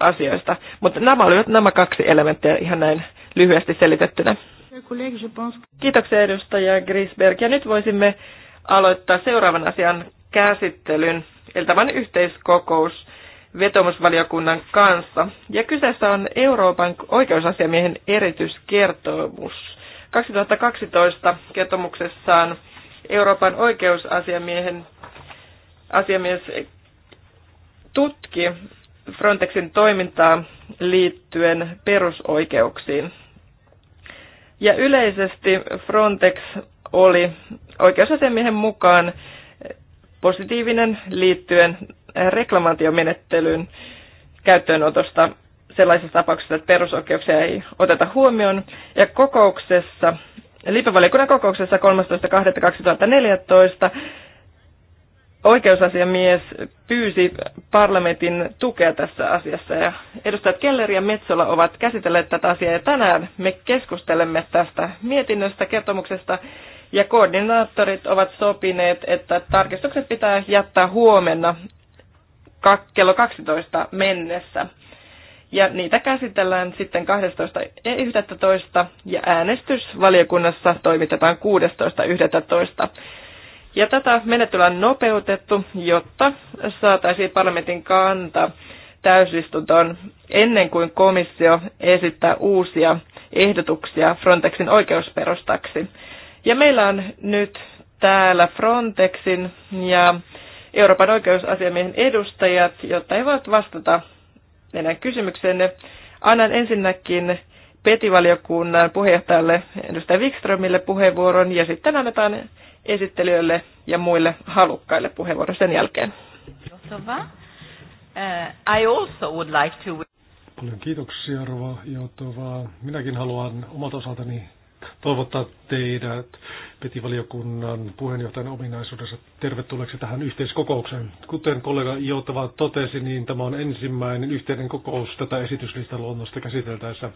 asioista. Mutta nämä olivat nämä kaksi elementtiä ihan näin lyhyesti selitettynä. Kiitoksia edustaja Grisberg. Ja nyt voisimme aloittaa seuraavan asian käsittelyn, eli tämän yhteiskokous vetomusvaliokunnan kanssa. Ja kyseessä on Euroopan oikeusasiamiehen erityiskertomus. 2012 kertomuksessaan Euroopan oikeusasiamiehen asiamies tutki Frontexin toimintaa liittyen perusoikeuksiin. Ja yleisesti Frontex oli oikeusasiamiehen mukaan positiivinen liittyen reklamaatiomenettelyyn käyttöönotosta sellaisessa tapauksessa, että perusoikeuksia ei oteta huomioon. Ja kokouksessa, liippavaliokunnan kokouksessa 13.2.2014 oikeusasiamies pyysi parlamentin tukea tässä asiassa ja edustajat Keller ja Metsola ovat käsitelleet tätä asiaa ja tänään me keskustelemme tästä mietinnöstä, kertomuksesta ja koordinaattorit ovat sopineet, että tarkistukset pitää jättää huomenna kello 12 mennessä. Ja niitä käsitellään sitten 12.11. ja äänestys valiokunnassa toimitetaan 16.11. Ja tätä menettelyä on nopeutettu, jotta saataisiin parlamentin kanta täysistuntoon ennen kuin komissio esittää uusia ehdotuksia Frontexin oikeusperustaksi. Ja meillä on nyt täällä Frontexin ja Euroopan oikeusasiamiehen edustajat, jotta he voivat vastata meidän kysymykseenne. Annan ensinnäkin petivaliokunnan puheenjohtajalle edustaja Wikströmille puheenvuoron ja sitten annetaan esittelijöille ja muille halukkaille puheenvuoron sen jälkeen. Uh, I also would like to... Paljon kiitoksia, Rova Jotova. Minäkin haluan omalta osaltani toivottaa teidät petivaliokunnan puheenjohtajan ominaisuudessa tervetulleeksi tähän yhteiskokoukseen. Kuten kollega Jotova totesi, niin tämä on ensimmäinen yhteinen kokous tätä esityslistan luonnosta käsiteltäessä.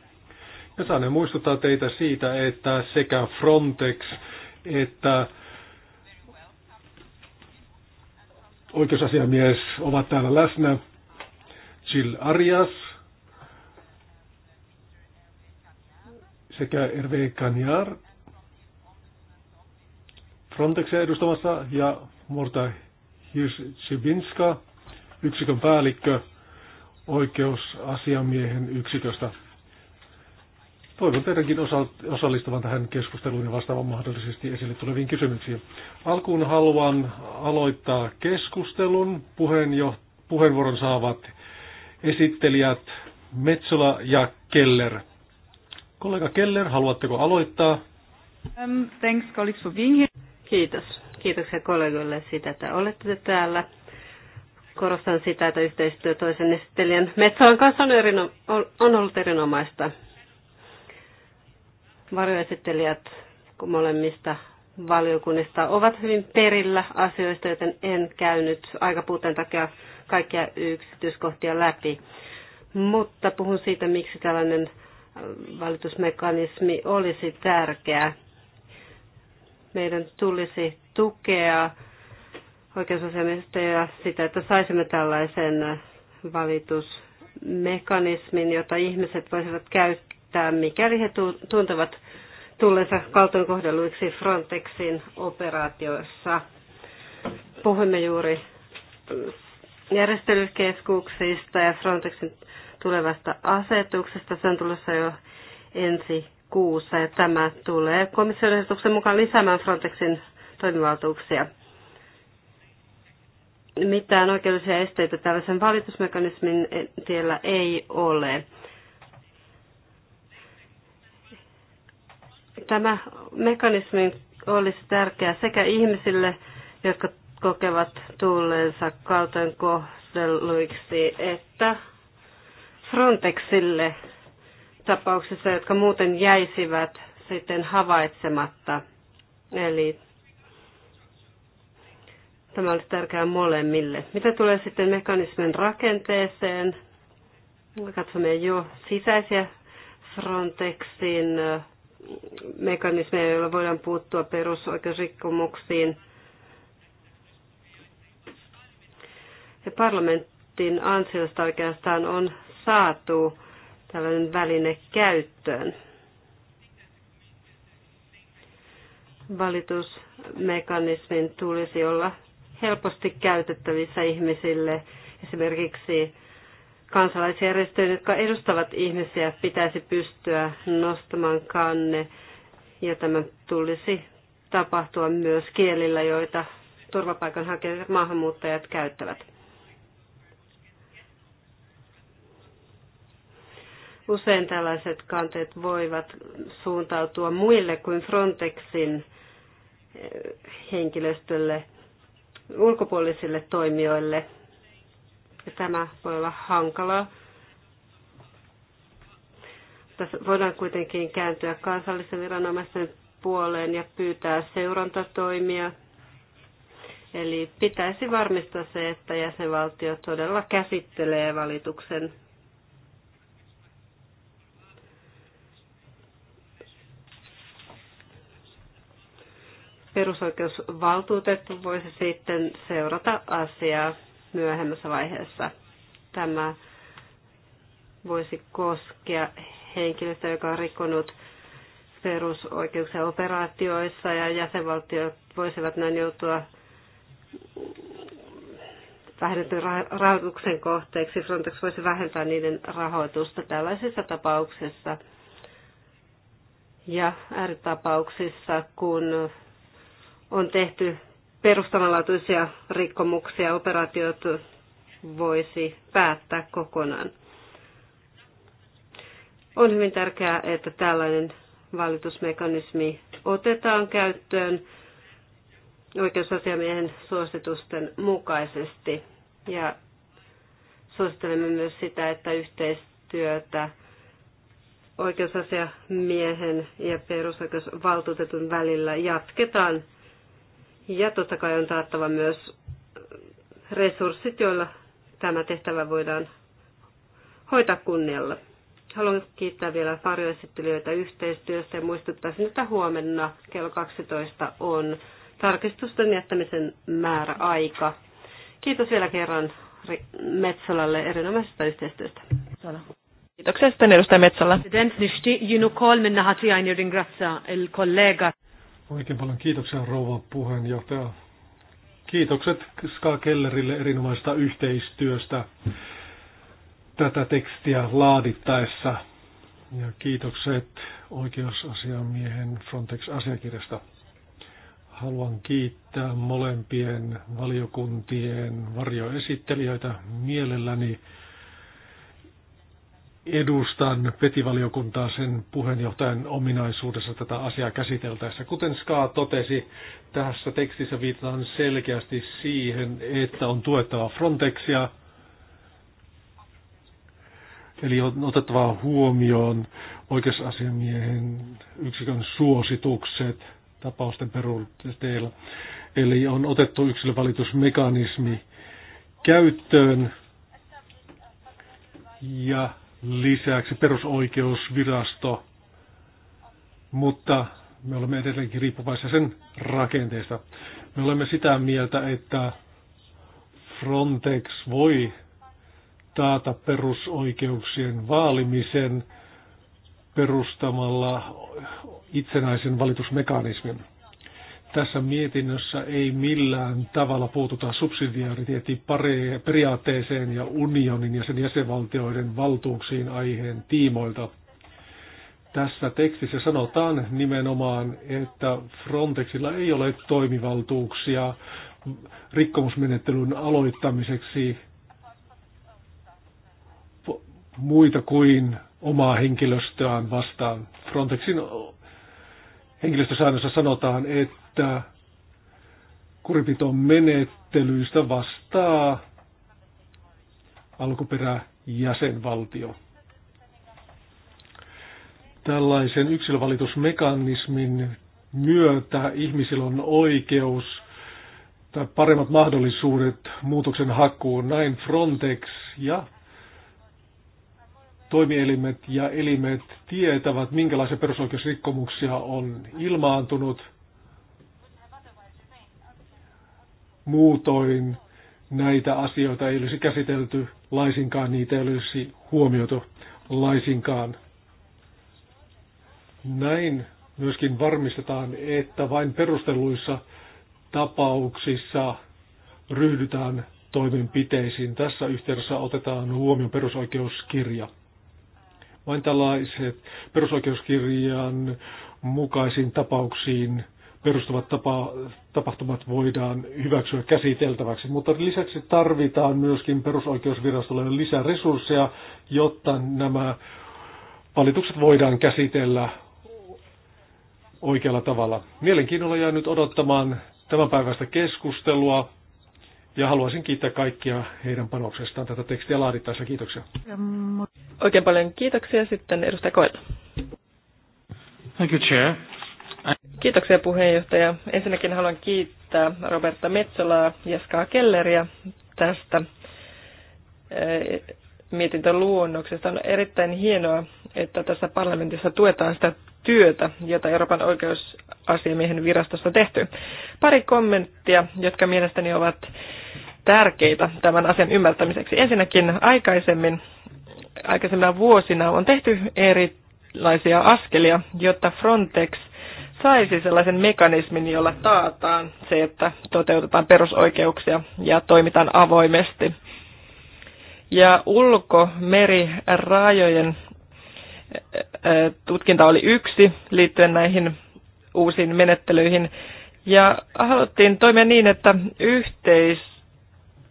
Ja saan muistuttaa teitä siitä, että sekä Frontex että oikeusasiamies ovat täällä läsnä. Jill Arias sekä Hervé Cagnard Frontexia edustamassa ja Murta Hirsibinska, yksikön päällikkö oikeusasiamiehen yksiköstä. Toivon teidänkin osallistuvan tähän keskusteluun ja vastaavan mahdollisesti esille tuleviin kysymyksiin. Alkuun haluan aloittaa keskustelun. Puheenjo- puheenvuoron saavat esittelijät Metsola ja Keller. Kollega Keller, haluatteko aloittaa? Um, thanks colleagues for being here. Kiitos. Kiitoksia kollegoille siitä, että olette täällä. Korostan sitä, että yhteistyö toisen esittelijän Metsolan kanssa on, erino- on ollut erinomaista. Varjoesittelijät molemmista valiokunnista ovat hyvin perillä asioista, joten en käynyt aika puuten takia kaikkia yksityiskohtia läpi. Mutta puhun siitä, miksi tällainen äh, valitusmekanismi olisi tärkeä. Meidän tulisi tukea oikeusasiamiestä ja sitä, että saisimme tällaisen äh, valitusmekanismin, jota ihmiset voisivat käyttää, mikäli he tuntevat tulleensa kaltoinkohdelluiksi Frontexin operaatioissa. Puhuimme juuri järjestelykeskuksista ja Frontexin tulevasta asetuksesta. Se on tulossa jo ensi kuussa ja tämä tulee komission ehdotuksen mukaan lisäämään Frontexin toimivaltuuksia. Mitään oikeudellisia esteitä tällaisen valitusmekanismin tiellä ei ole. Tämä mekanismi olisi tärkeä sekä ihmisille, jotka kokevat tulleensa kauten kohdelluiksi, että Frontexille tapauksissa, jotka muuten jäisivät sitten havaitsematta. Eli tämä olisi tärkeää molemmille. Mitä tulee sitten mekanismin rakenteeseen? Katsomme jo sisäisiä Frontexin mekanismeja, joilla voidaan puuttua perusoikeusrikkomuksiin. Ja parlamentin ansiosta oikeastaan on saatu tällainen väline käyttöön. Valitusmekanismin tulisi olla helposti käytettävissä ihmisille esimerkiksi kansalaisjärjestöjen, jotka edustavat ihmisiä, pitäisi pystyä nostamaan kanne. Ja tämän tulisi tapahtua myös kielillä, joita turvapaikanhakijat maahanmuuttajat käyttävät. Usein tällaiset kanteet voivat suuntautua muille kuin Frontexin eh, henkilöstölle, ulkopuolisille toimijoille – ja tämä voi olla hankalaa. Tässä voidaan kuitenkin kääntyä kansallisen viranomaisten puoleen ja pyytää seurantatoimia. Eli pitäisi varmistaa se, että jäsenvaltio todella käsittelee valituksen. Perusoikeusvaltuutettu voisi sitten seurata asiaa myöhemmässä vaiheessa. Tämä voisi koskea henkilöstä, joka on rikkonut perusoikeuksia operaatioissa ja jäsenvaltiot voisivat näin joutua vähennetyn rahoituksen kohteeksi. Frontex voisi vähentää niiden rahoitusta tällaisissa tapauksissa ja ääritapauksissa, kun on tehty perustavanlaatuisia rikkomuksia operaatiot voisi päättää kokonaan. On hyvin tärkeää, että tällainen valitusmekanismi otetaan käyttöön oikeusasiamiehen suositusten mukaisesti. Ja suosittelemme myös sitä, että yhteistyötä oikeusasiamiehen ja perusoikeusvaltuutetun välillä jatketaan ja totta kai on taattava myös resurssit, joilla tämä tehtävä voidaan hoitaa kunnialla. Haluan kiittää vielä varjoesittelijöitä yhteistyöstä ja muistuttaisin, että huomenna kello 12 on tarkistusten jättämisen määräaika. Kiitos vielä kerran Metsolalle erinomaisesta yhteistyöstä. Kiitoksia sitten edustaja Metsola. Oikein paljon kiitoksia rouva puheenjohtaja. Kiitokset Ska Kellerille erinomaisesta yhteistyöstä tätä tekstiä laadittaessa. Ja kiitokset oikeusasiamiehen Frontex-asiakirjasta. Haluan kiittää molempien valiokuntien varjoesittelijöitä mielelläni edustan petivaliokuntaa sen puheenjohtajan ominaisuudessa tätä asiaa käsiteltäessä. Kuten Ska totesi, tässä tekstissä viitataan selkeästi siihen, että on tuettava Frontexia, eli on otettava huomioon oikeusasiamiehen yksikön suositukset tapausten perusteella. Eli on otettu yksilövalitusmekanismi käyttöön ja lisäksi perusoikeusvirasto, mutta me olemme edelleenkin riippuvaisia sen rakenteesta. Me olemme sitä mieltä, että Frontex voi taata perusoikeuksien vaalimisen perustamalla itsenäisen valitusmekanismin tässä mietinnössä ei millään tavalla puututa periaatteeseen ja unionin ja sen jäsenvaltioiden valtuuksiin aiheen tiimoilta. Tässä tekstissä sanotaan nimenomaan, että Frontexilla ei ole toimivaltuuksia rikkomusmenettelyn aloittamiseksi muita kuin omaa henkilöstöään vastaan. Frontexin henkilöstösäännössä sanotaan, että että kurinpiton menettelyistä vastaa alkuperäjäsenvaltio. Tällaisen yksilövalitusmekanismin myötä ihmisillä on oikeus tai paremmat mahdollisuudet muutoksen hakuun. Näin Frontex ja toimielimet ja elimet tietävät, minkälaisia perusoikeusrikkomuksia on ilmaantunut – Muutoin näitä asioita ei olisi käsitelty laisinkaan, niitä ei olisi huomioitu laisinkaan. Näin myöskin varmistetaan, että vain perustelluissa tapauksissa ryhdytään toimenpiteisiin. Tässä yhteydessä otetaan huomioon perusoikeuskirja. Vain tällaiset perusoikeuskirjan mukaisiin tapauksiin perustuvat tapa, tapahtumat voidaan hyväksyä käsiteltäväksi, mutta lisäksi tarvitaan myöskin perusoikeusvirastolle lisää resursseja, jotta nämä valitukset voidaan käsitellä oikealla tavalla. Mielenkiinnolla jää nyt odottamaan tämän päivästä keskustelua ja haluaisin kiittää kaikkia heidän panoksestaan tätä tekstiä laadittaessa. Kiitoksia. Oikein paljon kiitoksia sitten edustaja Koilla. Thank you, Chair. Kiitoksia puheenjohtaja. Ensinnäkin haluan kiittää Roberta Metsolaa ja Skaa Kelleriä tästä eh, mietintöluonnoksesta. On erittäin hienoa, että tässä parlamentissa tuetaan sitä työtä, jota Euroopan oikeusasiamiehen virastossa tehty. Pari kommenttia, jotka mielestäni ovat tärkeitä tämän asian ymmärtämiseksi. Ensinnäkin aikaisemmin, aikaisemmin vuosina on tehty erilaisia askelia, jotta Frontex saisi sellaisen mekanismin, jolla taataan se, että toteutetaan perusoikeuksia ja toimitaan avoimesti. Ja ulkomerirajojen tutkinta oli yksi liittyen näihin uusiin menettelyihin. Ja haluttiin toimia niin, että yhteis,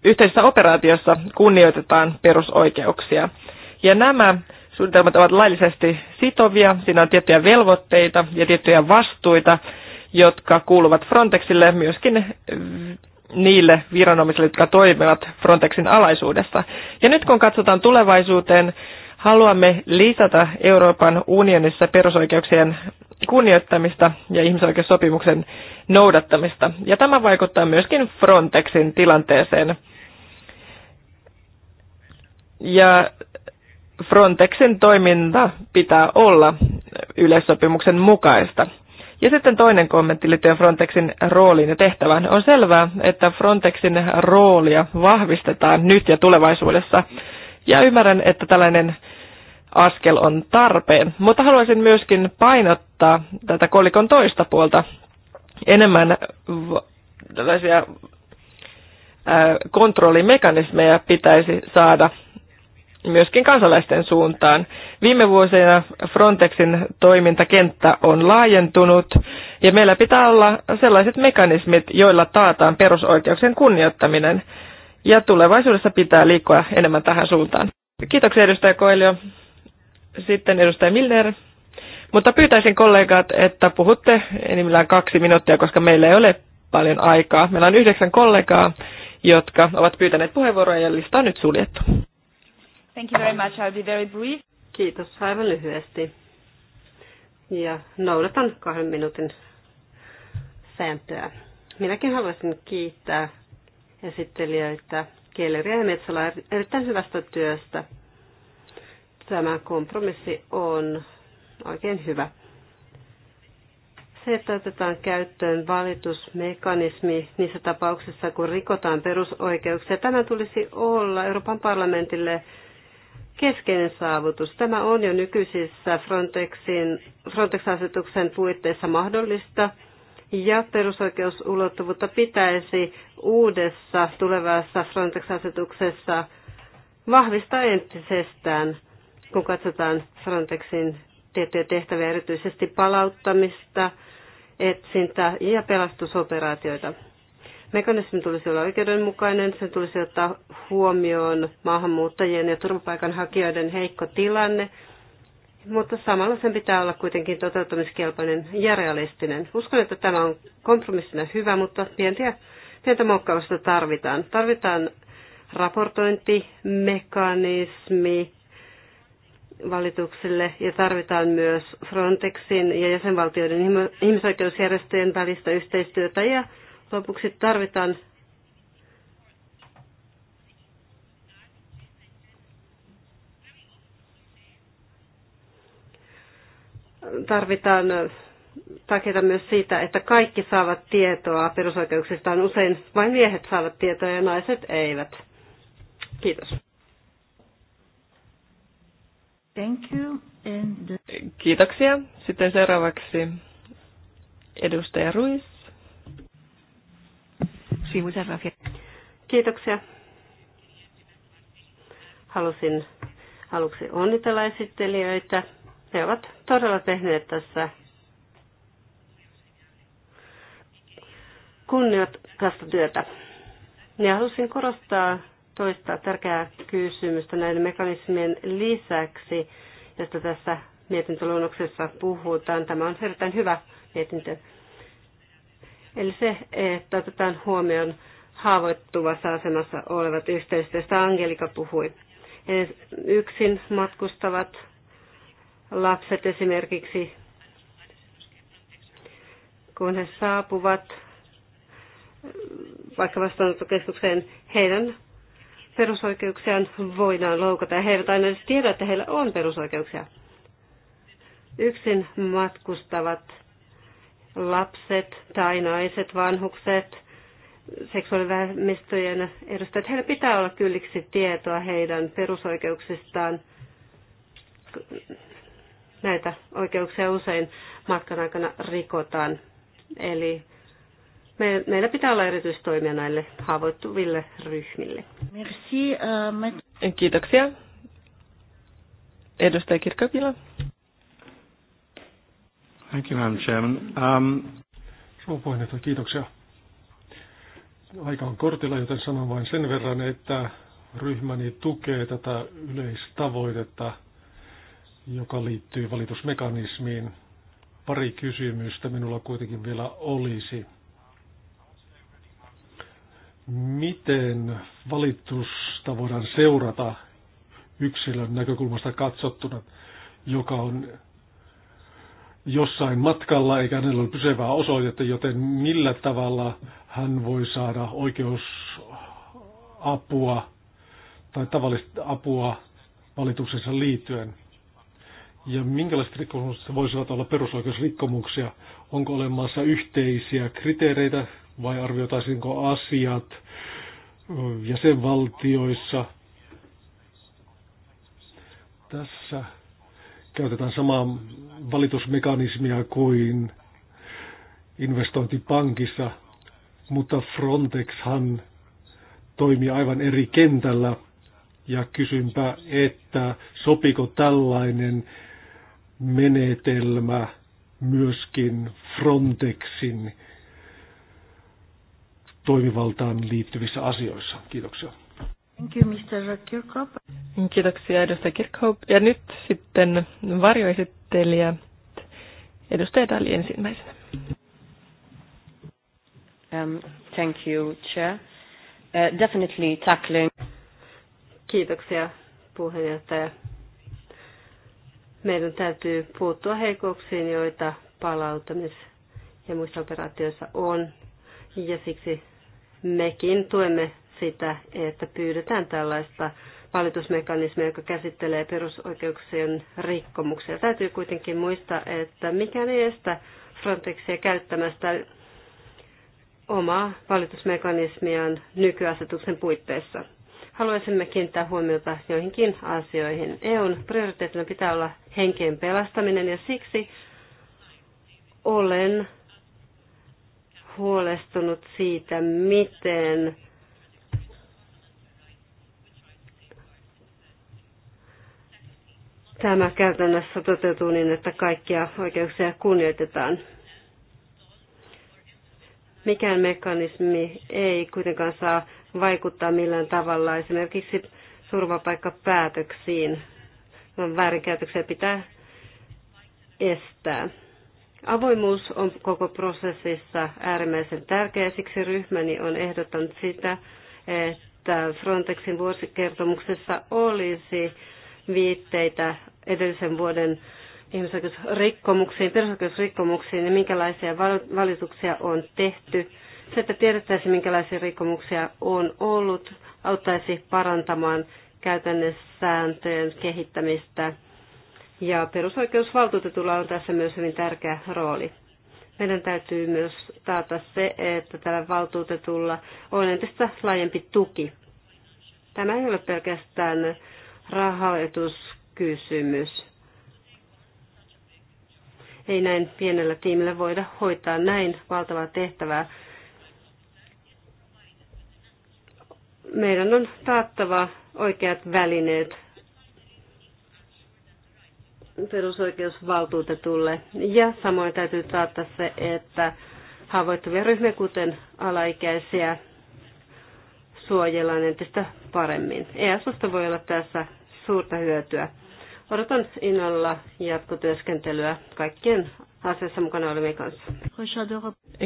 yhteisessä operaatiossa kunnioitetaan perusoikeuksia. Ja nämä Suunnitelmat ovat laillisesti sitovia, siinä on tiettyjä velvoitteita ja tiettyjä vastuita, jotka kuuluvat Frontexille myöskin niille viranomaisille, jotka toimivat Frontexin alaisuudessa. Ja nyt kun katsotaan tulevaisuuteen, haluamme lisätä Euroopan unionissa perusoikeuksien kunnioittamista ja ihmisoikeussopimuksen noudattamista. Ja tämä vaikuttaa myöskin Frontexin tilanteeseen. Ja Frontexin toiminta pitää olla yleissopimuksen mukaista. Ja sitten toinen kommentti liittyen Frontexin rooliin ja tehtävään. On selvää, että Frontexin roolia vahvistetaan nyt ja tulevaisuudessa. Ja ymmärrän, että tällainen askel on tarpeen. Mutta haluaisin myöskin painottaa tätä kolikon toista puolta enemmän tällaisia kontrollimekanismeja pitäisi saada myöskin kansalaisten suuntaan. Viime vuosina Frontexin toimintakenttä on laajentunut ja meillä pitää olla sellaiset mekanismit, joilla taataan perusoikeuksien kunnioittaminen. Ja tulevaisuudessa pitää liikkua enemmän tähän suuntaan. Kiitoksia edustaja Koelio. Sitten edustaja Milner. Mutta pyytäisin kollegat, että puhutte enimmillään kaksi minuuttia, koska meillä ei ole paljon aikaa. Meillä on yhdeksän kollegaa, jotka ovat pyytäneet puheenvuoroja ja lista on nyt suljettu. Thank you very much. I'll be very brief. Kiitos aivan lyhyesti. Ja noudatan kahden minuutin sääntöä. Minäkin haluaisin kiittää esittelijöitä Kieleriä ja Metsola erittäin hyvästä työstä. Tämä kompromissi on oikein hyvä. Se, että otetaan käyttöön valitusmekanismi niissä tapauksissa, kun rikotaan perusoikeuksia, tämä tulisi olla Euroopan parlamentille keskeinen saavutus. Tämä on jo nykyisissä Frontexin, Frontex-asetuksen puitteissa mahdollista ja perusoikeusulottuvuutta pitäisi uudessa tulevassa Frontex-asetuksessa vahvistaa entisestään, kun katsotaan Frontexin tiettyjä tehtäviä, erityisesti palauttamista, etsintä- ja pelastusoperaatioita. Mekanismin tulisi olla oikeudenmukainen, sen tulisi ottaa huomioon maahanmuuttajien ja turvapaikanhakijoiden heikko tilanne, mutta samalla sen pitää olla kuitenkin toteuttamiskelpoinen ja realistinen. Uskon, että tämä on kompromissina hyvä, mutta pientä, pientä muokkausta tarvitaan. Tarvitaan raportointimekanismi valituksille ja tarvitaan myös Frontexin ja jäsenvaltioiden ihmisoikeusjärjestöjen välistä yhteistyötä ja Lopuksi tarvitaan tarvitaan takia myös siitä, että kaikki saavat tietoa perusoikeuksistaan. Usein vain miehet saavat tietoa ja naiset eivät. Kiitos. Thank you. And... Kiitoksia. Sitten seuraavaksi edustaja Ruiz. Kiitoksia. Halusin aluksi onnitella esittelijöitä. He ovat todella tehneet tässä kunnioittavasta työtä. Ja halusin korostaa toista tärkeää kysymystä näiden mekanismien lisäksi, josta tässä mietintöluonnoksessa puhutaan. Tämä on erittäin hyvä mietintö. Eli se, että otetaan huomioon haavoittuvassa asemassa olevat joista Angelika puhui. Eli yksin matkustavat lapset esimerkiksi, kun he saapuvat vaikka vastaanottokeskukseen, heidän perusoikeuksiaan voidaan loukata ja he eivät aina edes tiedä, että heillä on perusoikeuksia. Yksin matkustavat lapset tai naiset, vanhukset, seksuaalivähemmistöjen edustajat, heillä pitää olla kylliksi tietoa heidän perusoikeuksistaan. Näitä oikeuksia usein matkan aikana rikotaan. Eli meillä pitää olla erityistoimia näille haavoittuville ryhmille. Merci. Euh, Kiitoksia. Edustaja Kirkkapila. Thank you, Madam Chairman. Um... Rouva kiitoksia. Aika on kortilla, joten sanon vain sen verran, että ryhmäni tukee tätä yleistavoitetta, joka liittyy valitusmekanismiin. Pari kysymystä minulla kuitenkin vielä olisi. Miten valitusta voidaan seurata yksilön näkökulmasta katsottuna, joka on jossain matkalla eikä hänellä ole pysyvää osoitetta, joten millä tavalla hän voi saada oikeusapua tai tavallista apua valituksensa liittyen? Ja minkälaiset rikkomukset voisivat olla perusoikeusrikkomuksia? Onko olemassa yhteisiä kriteereitä vai arvioitaisinko asiat jäsenvaltioissa? Tässä käytetään samaa valitusmekanismia kuin investointipankissa, mutta Frontexhan toimii aivan eri kentällä. Ja kysynpä, että sopiko tällainen menetelmä myöskin Frontexin toimivaltaan liittyvissä asioissa. Kiitoksia. Thank you, Mr. Kiitoksia edustaja Kirkhope. Ja nyt sitten varjoesittelijä edustaja Dali ensimmäisenä. Um, thank you, Chair. Uh, definitely tackling. Kiitoksia puheenjohtaja. Meidän täytyy puuttua heikouksiin, joita palauttamis- ja muissa operaatioissa on. Ja siksi mekin tuemme sitä, että pyydetään tällaista valitusmekanismi, joka käsittelee perusoikeuksien rikkomuksia. Täytyy kuitenkin muistaa, että mikään ei estä Frontexia käyttämästä omaa valitusmekanismiaan nykyasetuksen puitteissa. Haluaisimme kiinnittää huomiota joihinkin asioihin. EUn prioriteettina pitää olla henkeen pelastaminen ja siksi olen huolestunut siitä, miten tämä käytännössä toteutuu niin, että kaikkia oikeuksia kunnioitetaan. Mikään mekanismi ei kuitenkaan saa vaikuttaa millään tavalla esimerkiksi turvapaikkapäätöksiin, väärinkäytöksiä pitää estää. Avoimuus on koko prosessissa äärimmäisen tärkeä, siksi ryhmäni on ehdottanut sitä, että Frontexin vuosikertomuksessa olisi viitteitä edellisen vuoden ihmisoikeusrikkomuksiin, perusoikeusrikkomuksiin ja minkälaisia valituksia on tehty. Se, että tiedettäisiin, minkälaisia rikkomuksia on ollut, auttaisi parantamaan sääntöjen kehittämistä. Ja perusoikeusvaltuutetulla on tässä myös hyvin tärkeä rooli. Meidän täytyy myös taata se, että tällä valtuutetulla on entistä laajempi tuki. Tämä ei ole pelkästään rahoituskysymys. Ei näin pienellä tiimillä voida hoitaa näin valtavaa tehtävää. Meidän on taattava oikeat välineet perusoikeusvaltuutetulle. Ja samoin täytyy taata se, että haavoittuvia ryhmiä, kuten alaikäisiä, suojellaan entistä paremmin. EASUSta voi olla tässä suurta hyötyä. Odotan innolla jatkotyöskentelyä kaikkien asiassa mukana olevien kanssa.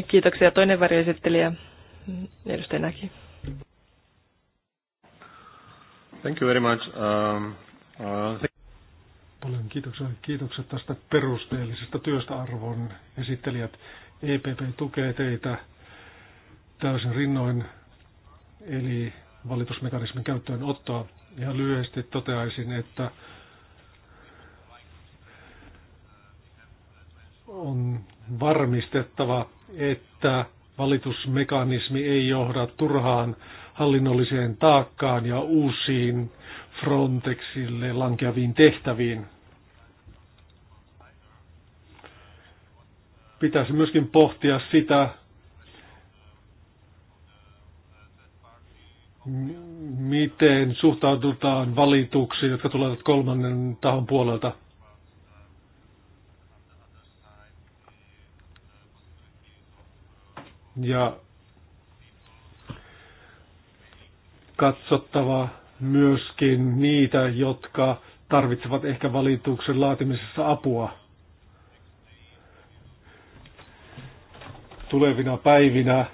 Kiitoksia. Toinen varjoesittelijä, edustaja Näki. Thank you very much. Um, uh, Paljon kiitoksia. Kiitokset tästä perusteellisesta työstä arvon esittelijät. EPP tukee teitä täysin rinnoin, eli valitusmekanismin käyttöön ottaa. Ihan lyhyesti toteaisin, että on varmistettava, että valitusmekanismi ei johda turhaan hallinnolliseen taakkaan ja uusiin Frontexille lankeaviin tehtäviin. Pitäisi myöskin pohtia sitä, miten suhtaudutaan valituksiin, jotka tulevat kolmannen tahon puolelta? Ja katsottava myöskin niitä, jotka tarvitsevat ehkä valituksen laatimisessa apua. Tulevina päivinä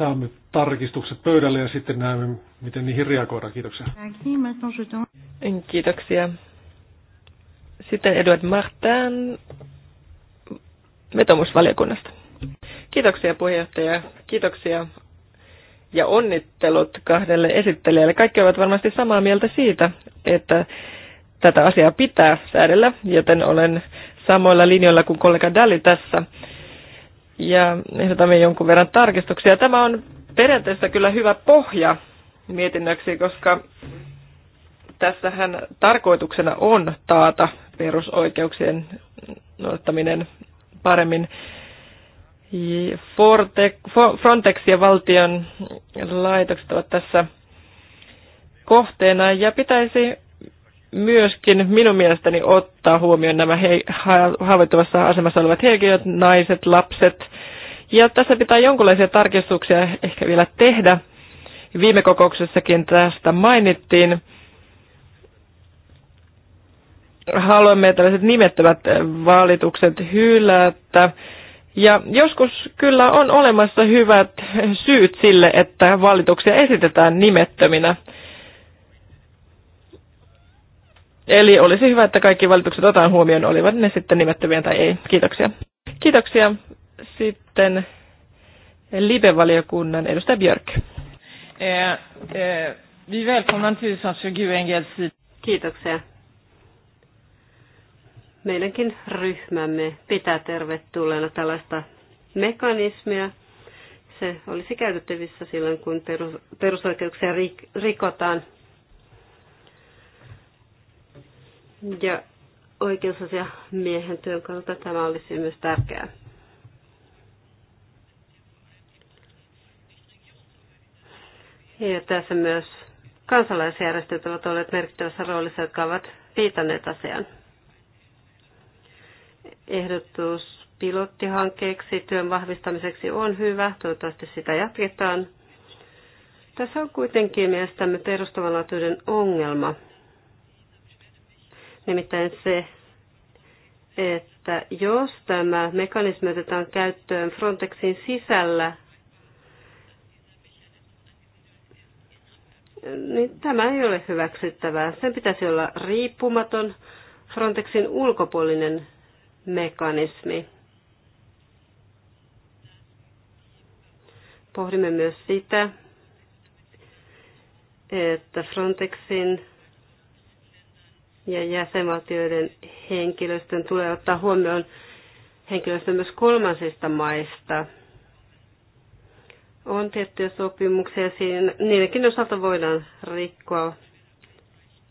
saamme tarkistukset pöydälle ja sitten näemme, miten niihin reagoidaan. Kiitoksia. Kiitoksia. Sitten Eduard Martin vetomusvaliokunnasta. Kiitoksia puheenjohtaja. Kiitoksia ja onnittelut kahdelle esittelijälle. Kaikki ovat varmasti samaa mieltä siitä, että tätä asiaa pitää säädellä, joten olen samoilla linjoilla kuin kollega Dali tässä ja ehdotamme jonkun verran tarkistuksia. Tämä on periaatteessa kyllä hyvä pohja mietinnöksi, koska tässähän tarkoituksena on taata perusoikeuksien noudattaminen paremmin. Frontex ja valtion laitokset ovat tässä kohteena ja pitäisi myöskin minun mielestäni ottaa huomioon nämä hei, haavoittuvassa asemassa olevat henkilöt, naiset, lapset. Ja tässä pitää jonkinlaisia tarkistuksia ehkä vielä tehdä. Viime kokouksessakin tästä mainittiin. Haluamme tällaiset nimettömät valitukset hylätä. Ja joskus kyllä on olemassa hyvät syyt sille, että valituksia esitetään nimettöminä. Eli olisi hyvä, että kaikki valitukset otetaan huomioon, olivat ne sitten nimettäviä tai ei. Kiitoksia. Kiitoksia. Sitten Libe-valiokunnan edustaja Björk. Eh, eh, vi välkomnar Kiitoksia. Meidänkin ryhmämme pitää tervetulleena tällaista mekanismia. Se olisi käytettävissä silloin, kun perusoikeuksia rikotaan Ja oikeusasia miehen työn kannalta tämä olisi myös tärkeää. Ja tässä myös kansalaisjärjestöt ovat olleet merkittävässä roolissa, jotka ovat viitanneet asiaan. Ehdotus pilottihankkeeksi työn vahvistamiseksi on hyvä, toivottavasti sitä jatketaan. Tässä on kuitenkin mielestämme perustavanlaatuinen ongelma – Nimittäin se, että jos tämä mekanismi otetaan käyttöön Frontexin sisällä, niin tämä ei ole hyväksyttävää. Sen pitäisi olla riippumaton Frontexin ulkopuolinen mekanismi. Pohdimme myös sitä, että Frontexin ja jäsenvaltioiden henkilöstön tulee ottaa huomioon henkilöstö myös kolmansista maista. On tiettyjä sopimuksia, siinä, niidenkin osalta voidaan rikkoa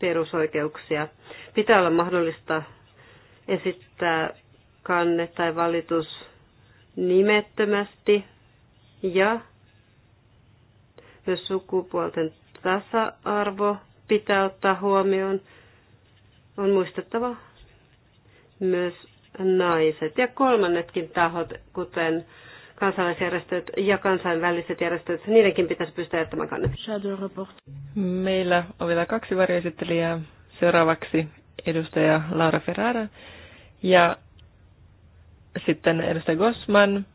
perusoikeuksia. Pitää olla mahdollista esittää kanne tai valitus nimettömästi ja myös sukupuolten tasa-arvo pitää ottaa huomioon. On muistettava myös naiset ja kolmannetkin tahot, kuten kansalaisjärjestöt ja kansainväliset järjestöt, niidenkin pitäisi pystyä jättämään kannet. Meillä on vielä kaksi varjoesittelijää. Seuraavaksi edustaja Laura Ferrara ja sitten edustaja Gosman.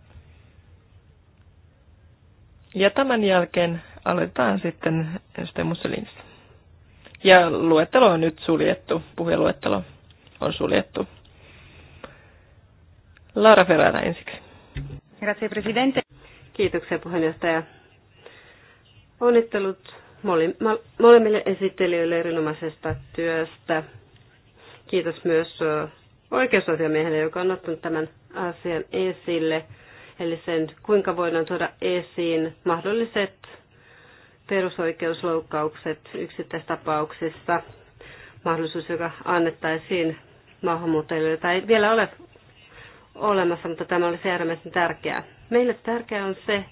Ja tämän jälkeen aloitetaan sitten edustaja Mussolinsa. Ja luettelo on nyt suljettu, puheluettelo on suljettu. Laura Ferrara ensiksi. Grazie Presidente. Kiitoksia puheenjohtaja. Onnittelut molemmille esittelijöille erinomaisesta työstä. Kiitos myös oikeusasiamiehelle, joka on ottanut tämän asian esille, eli sen, kuinka voidaan tuoda esiin mahdolliset perusoikeusloukkaukset yksittäistapauksissa, mahdollisuus, joka annettaisiin maahanmuuttajille, jota ei vielä ole olemassa, mutta tämä olisi äärimmäisen tärkeää. Meille tärkeää on se,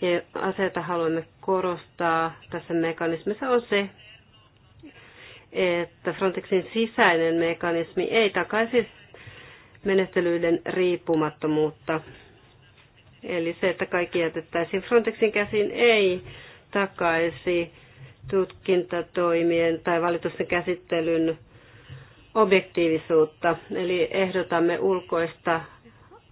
ja asia, haluamme korostaa tässä mekanismissa, on se, että Frontexin sisäinen mekanismi ei takaisi menettelyiden riippumattomuutta. Eli se, että kaikki jätettäisiin Frontexin käsiin, ei takaisi tutkintatoimien tai valitusten käsittelyn objektiivisuutta. Eli ehdotamme ulkoista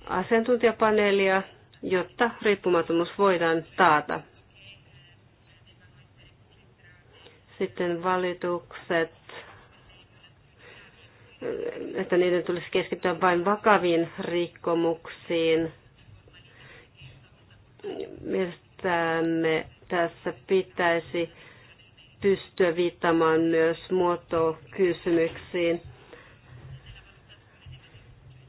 asiantuntijapaneelia, jotta riippumattomuus voidaan taata. Sitten valitukset, että niiden tulisi keskittyä vain vakaviin rikkomuksiin. Mielestämme tässä pitäisi pystyä viittamaan myös muotokysymyksiin,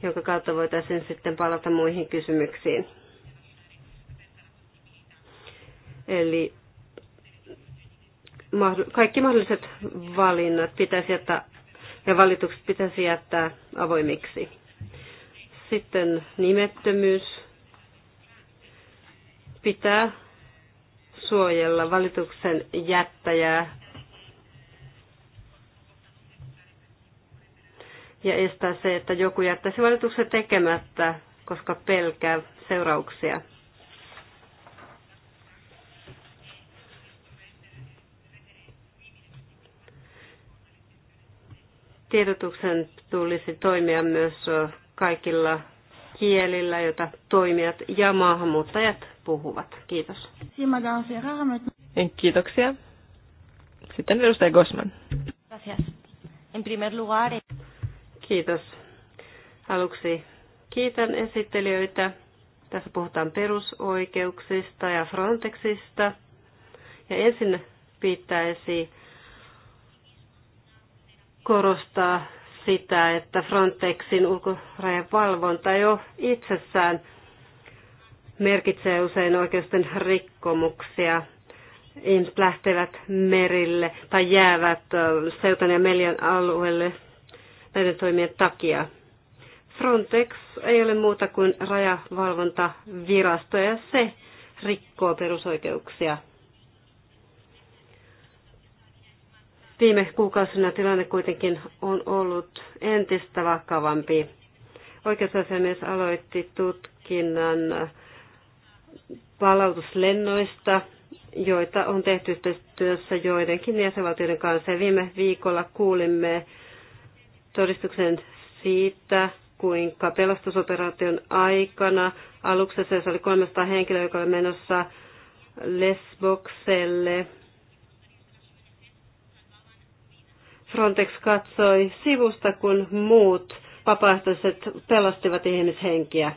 jonka kautta voitaisiin sitten palata muihin kysymyksiin. Eli kaikki mahdolliset valinnat pitäisi jättää, ja valitukset pitäisi jättää avoimiksi. Sitten nimettömyys pitää suojella valituksen jättäjää ja estää se, että joku jättäisi valituksen tekemättä, koska pelkää seurauksia. Tiedotuksen tulisi toimia myös kaikilla kielillä, joita toimijat ja maahanmuuttajat puhuvat. Kiitos. Kiitoksia. Sitten edustaja Gosman. Eh, Kiitos. Aluksi kiitän esittelijöitä. Tässä puhutaan perusoikeuksista ja Frontexista. Ja ensin pitäisi korostaa sitä, että Frontexin ulkorajan valvonta jo itsessään merkitsee usein oikeusten rikkomuksia. Ihmiset lähtevät merille tai jäävät Seutan ja Melian alueelle näiden toimien takia. Frontex ei ole muuta kuin rajavalvontavirasto ja se rikkoo perusoikeuksia. Viime kuukausina tilanne kuitenkin on ollut entistä vakavampi. Oikeusasiamies aloitti tutkinnan palautuslennoista, joita on tehty yhteistyössä joidenkin jäsenvaltioiden kanssa. Ja viime viikolla kuulimme todistuksen siitä, kuinka pelastusoperaation aikana aluksessa, jossa oli 300 henkilöä, joka oli menossa Lesbokselle, Frontex katsoi sivusta, kun muut vapaaehtoiset pelastivat ihmishenkiä.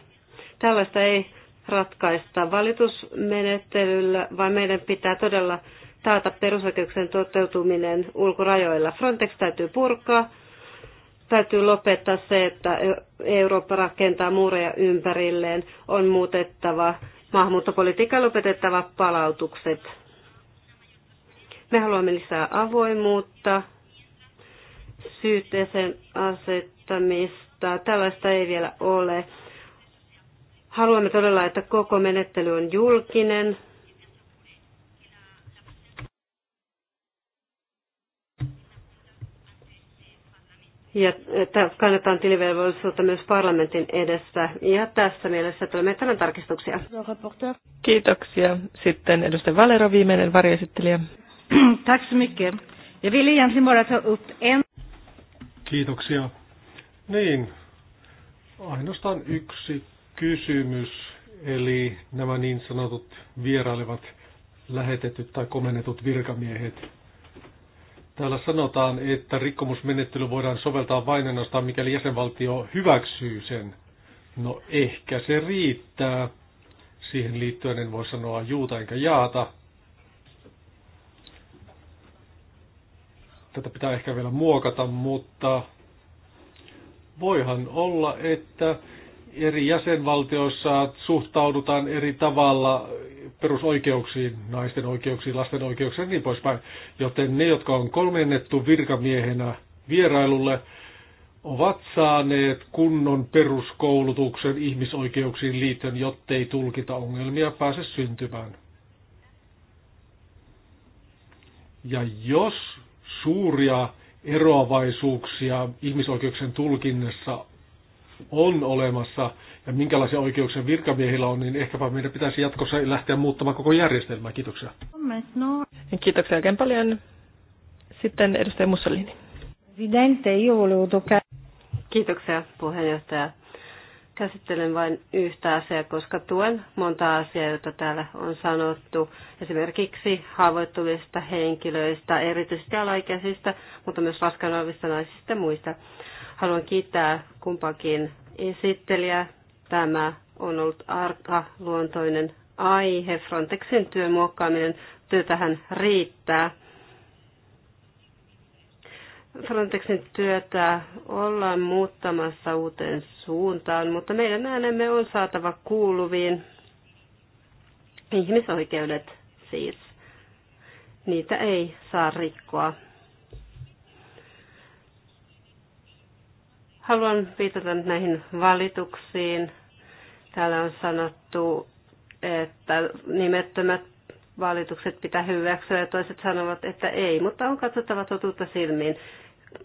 Tällaista ei ratkaista valitusmenettelyllä, vai meidän pitää todella taata perusoikeuksien toteutuminen ulkorajoilla. Frontex täytyy purkaa, täytyy lopettaa se, että Eurooppa rakentaa muureja ympärilleen, on muutettava maahanmuuttopolitiikka lopetettava palautukset. Me haluamme lisää avoimuutta, syytteeseen asettamista. Tällaista ei vielä ole. Haluamme todella, että koko menettely on julkinen. Ja kannetaan tilivelvollisuutta myös parlamentin edessä. Ja tässä mielessä tulemme tämän tarkistuksia. Kiitoksia. Sitten edustaja Valero, viimeinen varjoesittelijä. Tack så mycket. Jag egentligen bara ta upp en... Kiitoksia. Niin, ainoastaan yksi kysymys, eli nämä niin sanotut vierailevat lähetetyt tai komennetut virkamiehet. Täällä sanotaan, että rikkomusmenettely voidaan soveltaa vain ainoastaan, mikäli jäsenvaltio hyväksyy sen. No ehkä se riittää. Siihen liittyen en voi sanoa juuta enkä jaata. Tätä pitää ehkä vielä muokata, mutta voihan olla, että eri jäsenvaltioissa suhtaudutaan eri tavalla perusoikeuksiin, naisten oikeuksiin, lasten oikeuksiin ja niin poispäin. Joten ne, jotka on kolmennettu virkamiehenä vierailulle, ovat saaneet kunnon peruskoulutuksen ihmisoikeuksiin liittyen, jottei tulkita ongelmia pääse syntymään. Ja jos suuria eroavaisuuksia ihmisoikeuksien tulkinnassa on olemassa ja minkälaisia oikeuksia virkamiehillä on, niin ehkäpä meidän pitäisi jatkossa lähteä muuttamaan koko järjestelmää. Kiitoksia. Kiitoksia oikein paljon. Sitten edustaja Mussolini. Kiitoksia puheenjohtaja. Käsittelen vain yhtä asiaa, koska tuen monta asiaa, joita täällä on sanottu. Esimerkiksi haavoittuvista henkilöistä, erityisesti alaikäisistä, mutta myös raskaana naisista ja muista. Haluan kiittää kumpakin esittelijää. Tämä on ollut arka luontoinen aihe. Frontexin työn muokkaaminen, työtähän riittää. Frontexin työtä ollaan muuttamassa uuteen suuntaan, mutta meidän äänemme on saatava kuuluviin. Ihmisoikeudet siis. Niitä ei saa rikkoa. Haluan viitata näihin valituksiin. Täällä on sanottu, että nimettömät valitukset pitää hyväksyä ja toiset sanovat, että ei, mutta on katsottava totuutta silmiin.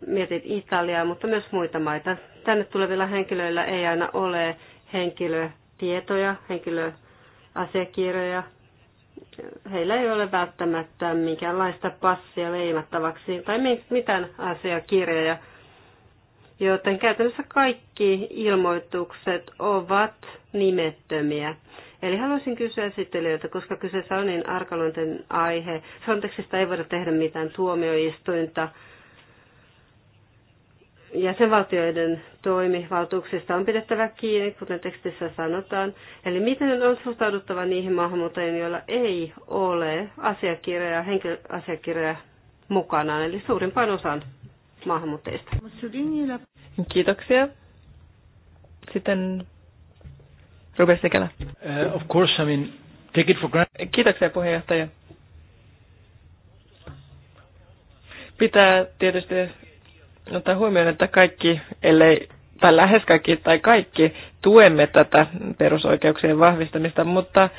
Mietit Italiaa, mutta myös muita maita. Tänne tulevilla henkilöillä ei aina ole henkilötietoja, henkilöasiakirjoja. Heillä ei ole välttämättä minkäänlaista passia leimattavaksi tai mitään asiakirjoja Joten käytännössä kaikki ilmoitukset ovat nimettömiä. Eli haluaisin kysyä esittelijöiltä, koska kyseessä on niin arkaluonten aihe. Frontexista ei voida tehdä mitään tuomioistuinta. Jäsenvaltioiden toimivaltuuksista on pidettävä kiinni, kuten tekstissä sanotaan. Eli miten on suhtauduttava niihin maahanmuuttajiin, joilla ei ole asiakirjoja, henkilöasiakirjoja mukanaan, eli suurin osaan maahanmuuttajista. Kiitoksia. Sitten Ruben Sekälä. Uh, of course, I mean, take it for granted. Kiitoksia puheenjohtaja. Pitää tietysti ottaa huomioon, että kaikki, ellei tai lähes kaikki tai kaikki tuemme tätä perusoikeuksien vahvistamista, mutta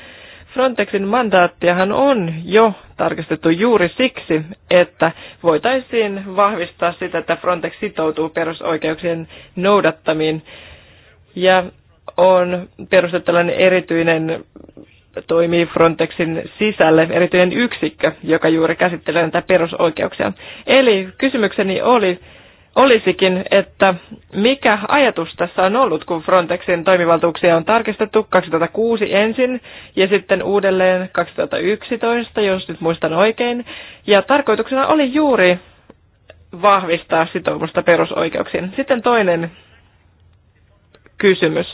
Frontexin mandaattiahan on jo tarkistettu juuri siksi, että voitaisiin vahvistaa sitä, että Frontex sitoutuu perusoikeuksien noudattamiin ja on perustettu tällainen erityinen toimii Frontexin sisälle erityinen yksikkö, joka juuri käsittelee näitä perusoikeuksia. Eli kysymykseni oli, olisikin, että mikä ajatus tässä on ollut, kun Frontexin toimivaltuuksia on tarkistettu 2006 ensin ja sitten uudelleen 2011, jos nyt muistan oikein. Ja tarkoituksena oli juuri vahvistaa sitoumusta perusoikeuksiin. Sitten toinen kysymys.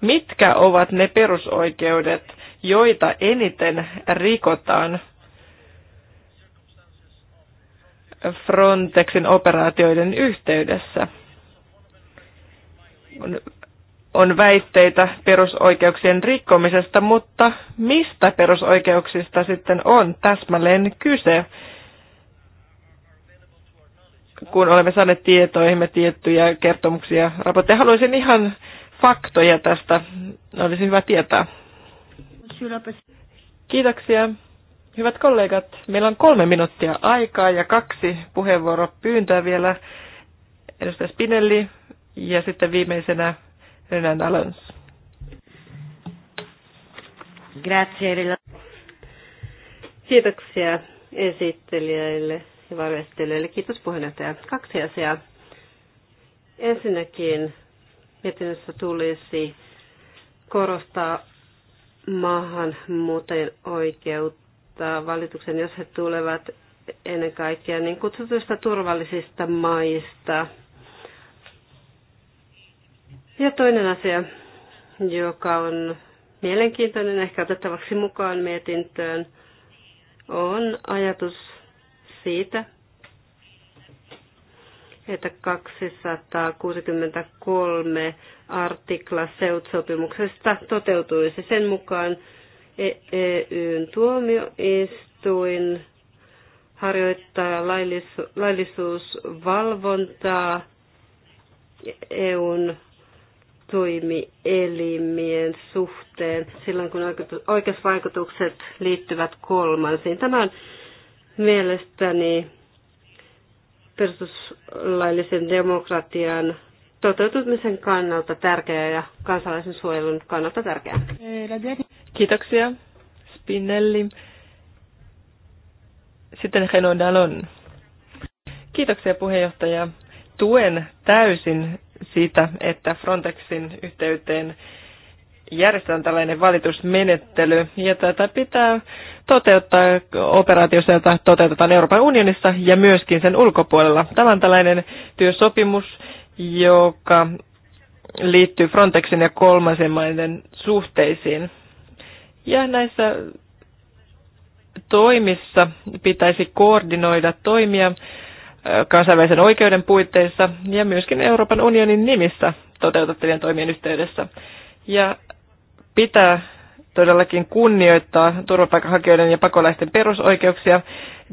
Mitkä ovat ne perusoikeudet, joita eniten rikotaan Frontexin operaatioiden yhteydessä. On väitteitä perusoikeuksien rikkomisesta, mutta mistä perusoikeuksista sitten on täsmälleen kyse? kun olemme saaneet tietoihimme tiettyjä kertomuksia, raportteja. Haluaisin ihan faktoja tästä. Olisi hyvä tietää. Kiitoksia. Hyvät kollegat, meillä on kolme minuuttia aikaa ja kaksi puheenvuoroa puheenvuoropyyntöä vielä. Edustaja Spinelli ja sitten viimeisenä Renan Alons. Grazie. Kiitoksia esittelijöille ja varjostelijoille. Kiitos puheenjohtaja. Kaksi asiaa. Ensinnäkin mietinnössä tulisi korostaa maahanmuuttajien oikeutta nostaa valituksen, jos he tulevat ennen kaikkea niin kutsutuista turvallisista maista. Ja toinen asia, joka on mielenkiintoinen ehkä otettavaksi mukaan mietintöön, on ajatus siitä, että 263 artikla seutsopimuksesta toteutuisi sen mukaan, EUn e tuomioistuin harjoittaa laillisuusvalvontaa e EUn toimielimien suhteen silloin, kun oikeusvaikutukset liittyvät kolmansiin. Tämä on mielestäni perustuslaillisen demokratian toteutumisen kannalta tärkeää ja kansalaisen suojelun kannalta tärkeää. Eh, Kiitoksia, Spinelli. Sitten Heno Dalon. Kiitoksia puheenjohtaja. Tuen täysin siitä, että Frontexin yhteyteen järjestetään tällainen valitusmenettely, ja tätä pitää toteuttaa operaatiossa, jota toteutetaan Euroopan unionissa ja myöskin sen ulkopuolella. Tämä on tällainen työsopimus, joka liittyy Frontexin ja kolmansien maiden suhteisiin. Ja näissä toimissa pitäisi koordinoida toimia kansainvälisen oikeuden puitteissa ja myöskin Euroopan unionin nimissä toteutettavien toimien yhteydessä. Ja pitää todellakin kunnioittaa turvapaikanhakijoiden ja pakolaisten perusoikeuksia.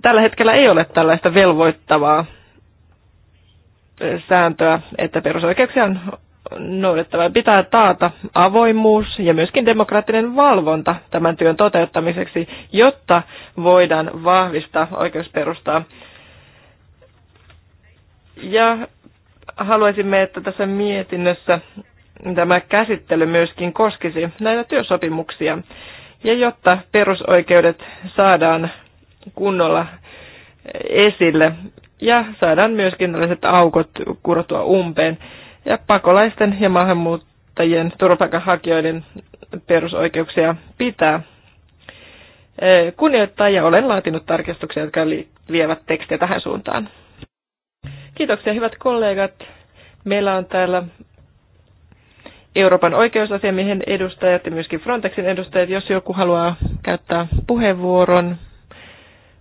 Tällä hetkellä ei ole tällaista velvoittavaa sääntöä, että perusoikeuksia on noudattava. Pitää taata avoimuus ja myöskin demokraattinen valvonta tämän työn toteuttamiseksi, jotta voidaan vahvistaa oikeusperustaa. Ja haluaisimme, että tässä mietinnössä tämä käsittely myöskin koskisi näitä työsopimuksia. Ja jotta perusoikeudet saadaan kunnolla esille ja saadaan myöskin tällaiset aukot kurottua umpeen ja pakolaisten ja maahanmuuttajien turvapaikanhakijoiden perusoikeuksia pitää e, kunnioittaa ja olen laatinut tarkistuksia, jotka vievät tekstiä tähän suuntaan. Kiitoksia hyvät kollegat. Meillä on täällä Euroopan oikeusasiamiehen edustajat ja myöskin Frontexin edustajat. Jos joku haluaa käyttää puheenvuoron,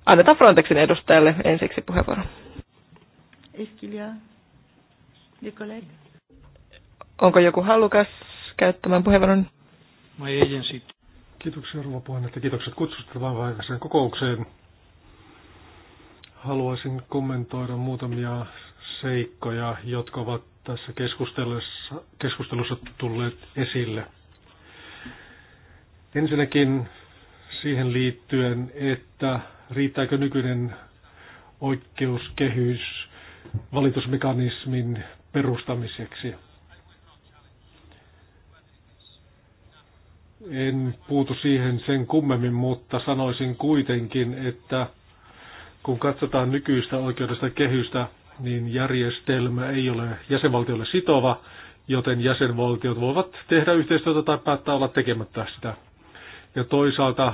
annetaan Frontexin edustajalle ensiksi puheenvuoro. Est-ce qu'il y a des collègues Onko joku halukas käyttämään puheenvuoron? Mä My agency. Kiitoksia rouva puheenjohtaja. Kiitokset kutsusta aikaiseen kokoukseen. Haluaisin kommentoida muutamia seikkoja, jotka ovat tässä keskustelussa, keskustelussa tulleet esille. Ensinnäkin siihen liittyen, että riittääkö nykyinen oikeuskehys valitusmekanismin perustamiseksi. En puutu siihen sen kummemmin, mutta sanoisin kuitenkin, että kun katsotaan nykyistä oikeudesta kehystä, niin järjestelmä ei ole jäsenvaltiolle sitova, joten jäsenvaltiot voivat tehdä yhteistyötä tai päättää olla tekemättä sitä. Ja toisaalta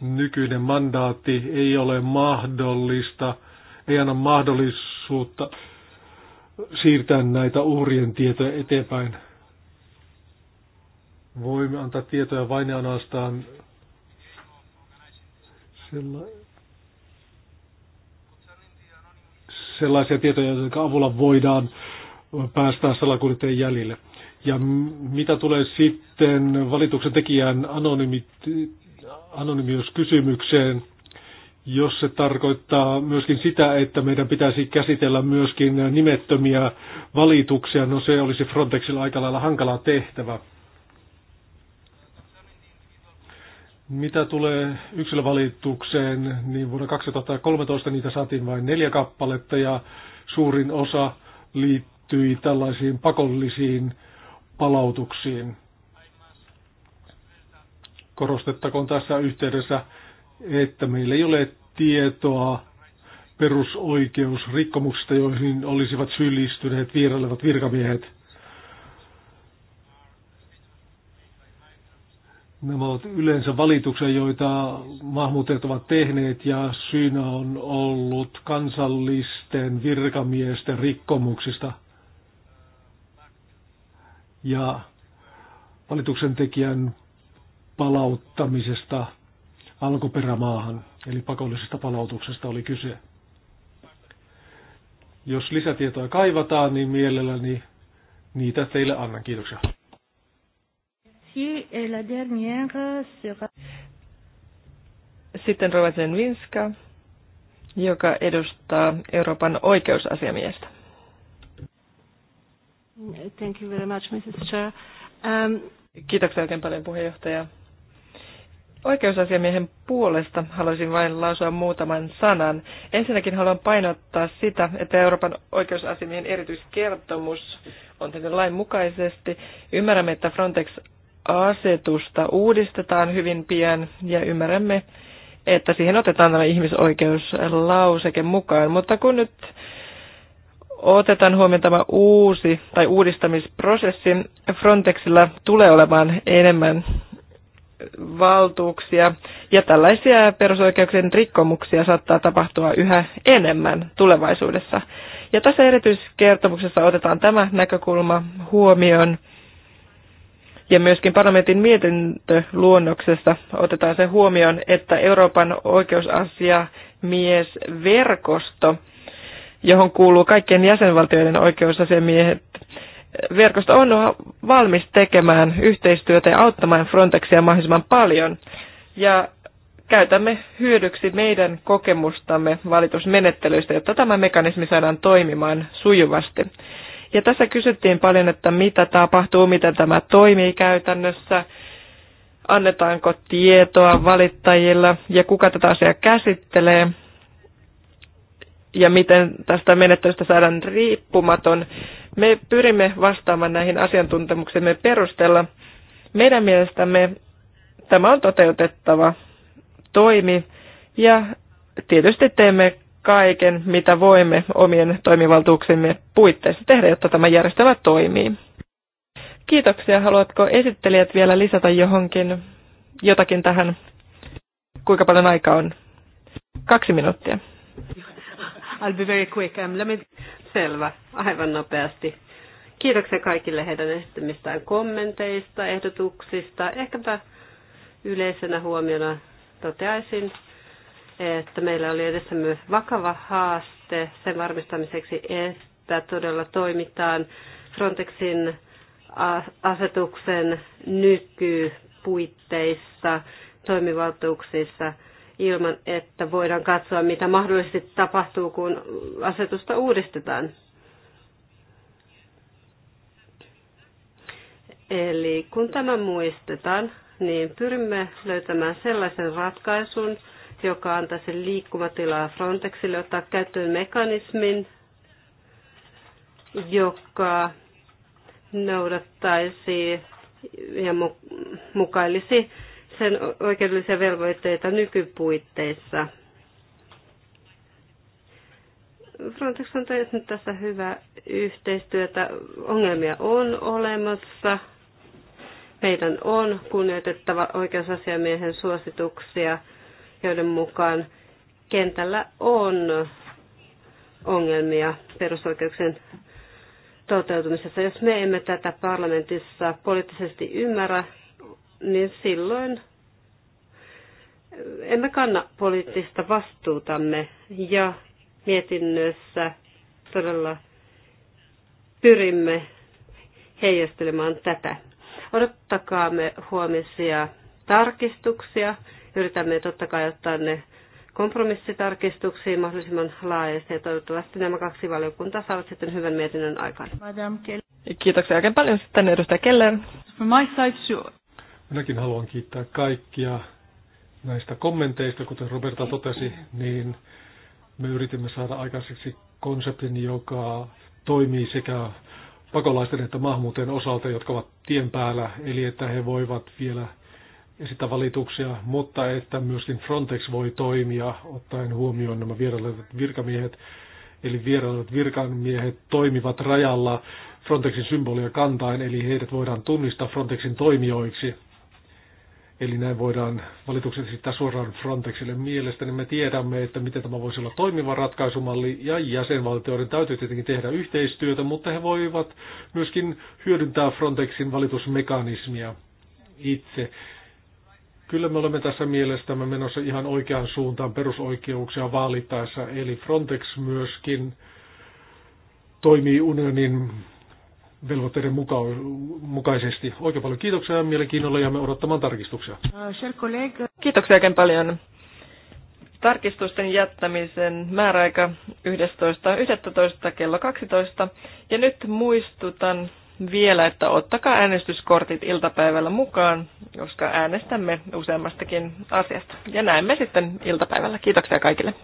nykyinen mandaatti ei ole mahdollista, ei anna mahdollisuutta siirtää näitä uhrien tietoja eteenpäin voimme antaa tietoja vain ja ainoastaan sellaisia tietoja, joiden avulla voidaan päästä salakuljettajien jäljille. Ja mitä tulee sitten valituksen tekijän anonymiuskysymykseen, jos se tarkoittaa myöskin sitä, että meidän pitäisi käsitellä myöskin nimettömiä valituksia, no se olisi Frontexilla aika lailla hankala tehtävä. Mitä tulee yksilövalitukseen, niin vuonna 2013 niitä saatiin vain neljä kappaletta ja suurin osa liittyi tällaisiin pakollisiin palautuksiin. Korostettakoon tässä yhteydessä, että meillä ei ole tietoa perusoikeusrikkomuksista, joihin olisivat syyllistyneet vierailevat virkamiehet – Nämä ovat yleensä valituksia, joita maahanmuuttajat ovat tehneet ja syynä on ollut kansallisten virkamiesten rikkomuksista. Ja valituksen tekijän palauttamisesta alkuperämaahan, eli pakollisesta palautuksesta oli kyse. Jos lisätietoa kaivataan, niin mielelläni niitä teille annan. Kiitoksia. Merci. Et la dernière sera... Sitten Rovazen Zenvinska, joka edustaa Euroopan oikeusasiamiestä. Thank you very much, Mrs. Chair. Um, Kiitoksia oikein paljon puheenjohtaja. Oikeusasiamiehen puolesta haluaisin vain lausua muutaman sanan. Ensinnäkin haluan painottaa sitä, että Euroopan oikeusasiamiehen erityiskertomus on tehty lain mukaisesti. Ymmärrämme, että Frontex asetusta uudistetaan hyvin pian ja ymmärrämme, että siihen otetaan tämä ihmisoikeuslauseke mukaan. Mutta kun nyt otetaan huomioon tämä uusi tai uudistamisprosessi, Frontexilla tulee olemaan enemmän valtuuksia ja tällaisia perusoikeuksien rikkomuksia saattaa tapahtua yhä enemmän tulevaisuudessa. Ja tässä erityiskertomuksessa otetaan tämä näkökulma huomioon ja myöskin parlamentin mietintöluonnoksessa otetaan se huomioon, että Euroopan oikeusasiamiesverkosto, johon kuuluu kaikkien jäsenvaltioiden oikeusasiamiehet, verkosto on valmis tekemään yhteistyötä ja auttamaan Frontexia mahdollisimman paljon. Ja käytämme hyödyksi meidän kokemustamme valitusmenettelyistä, jotta tämä mekanismi saadaan toimimaan sujuvasti. Ja tässä kysyttiin paljon, että mitä tapahtuu, miten tämä toimii käytännössä, annetaanko tietoa valittajille ja kuka tätä asiaa käsittelee ja miten tästä menettelystä saadaan riippumaton. Me pyrimme vastaamaan näihin asiantuntemuksemme perusteella. Meidän mielestämme tämä on toteutettava toimi ja tietysti teemme kaiken, mitä voimme omien toimivaltuuksimme puitteissa tehdä, jotta tämä järjestelmä toimii. Kiitoksia. Haluatko esittelijät vielä lisätä johonkin jotakin tähän? Kuinka paljon aikaa on? Kaksi minuuttia. I'll be very quick. Um, let me... Selvä. Aivan nopeasti. Kiitoksia kaikille heidän esittämistään kommenteista, ehdotuksista. Ehkäpä yleisenä huomiona toteaisin, että meillä oli edessä myös vakava haaste sen varmistamiseksi, että todella toimitaan Frontexin asetuksen nykypuitteissa, toimivaltuuksissa ilman, että voidaan katsoa, mitä mahdollisesti tapahtuu, kun asetusta uudistetaan. Eli kun tämä muistetaan, niin pyrimme löytämään sellaisen ratkaisun, joka antaa sen liikkumatilaa Frontexille ottaa käyttöön mekanismin, joka noudattaisi ja mukailisi sen oikeudellisia velvoitteita nykypuitteissa. Frontex on tehnyt tässä hyvää yhteistyötä. Ongelmia on olemassa. Meidän on kunnioitettava oikeusasiamiehen suosituksia – joiden mukaan kentällä on ongelmia perusoikeuksien toteutumisessa. Jos me emme tätä parlamentissa poliittisesti ymmärrä, niin silloin emme kanna poliittista vastuutamme ja mietinnössä todella pyrimme heijastelemaan tätä. Odottakaamme huomisia tarkistuksia Yritämme totta kai ottaa ne kompromissitarkistuksiin mahdollisimman laajasti ja toivottavasti nämä kaksi valiokuntaa saavat sitten hyvän mietinnön aikaan. Kiitoksia oikein paljon sitten edustaja Keller. From my side, sure. Minäkin haluan kiittää kaikkia näistä kommenteista, kuten Roberta totesi, niin me yritimme saada aikaiseksi konseptin, joka toimii sekä pakolaisten että maahanmuuttajien osalta, jotka ovat tien päällä, eli että he voivat vielä esittää valituksia, mutta että myöskin Frontex voi toimia ottaen huomioon nämä vierailevat virkamiehet. Eli vierailevat virkamiehet toimivat rajalla Frontexin symbolia kantain, eli heidät voidaan tunnistaa Frontexin toimijoiksi. Eli näin voidaan valitukset esittää suoraan Frontexille. Mielestäni niin me tiedämme, että miten tämä voisi olla toimiva ratkaisumalli, ja jäsenvaltioiden täytyy tietenkin tehdä yhteistyötä, mutta he voivat myöskin hyödyntää Frontexin valitusmekanismia itse. Kyllä me olemme tässä mielestämme menossa ihan oikeaan suuntaan perusoikeuksia vaalittaessa, eli Frontex myöskin toimii unionin velvoitteiden muka- mukaisesti. Oikein paljon kiitoksia ja mielenkiinnolla me odottamaan tarkistuksia. Kiitoksia oikein paljon. Tarkistusten jättämisen määräaika 11.11. .11. kello 12. Ja nyt muistutan vielä, että ottakaa äänestyskortit iltapäivällä mukaan, koska äänestämme useammastakin asiasta. Ja näemme sitten iltapäivällä. Kiitoksia kaikille.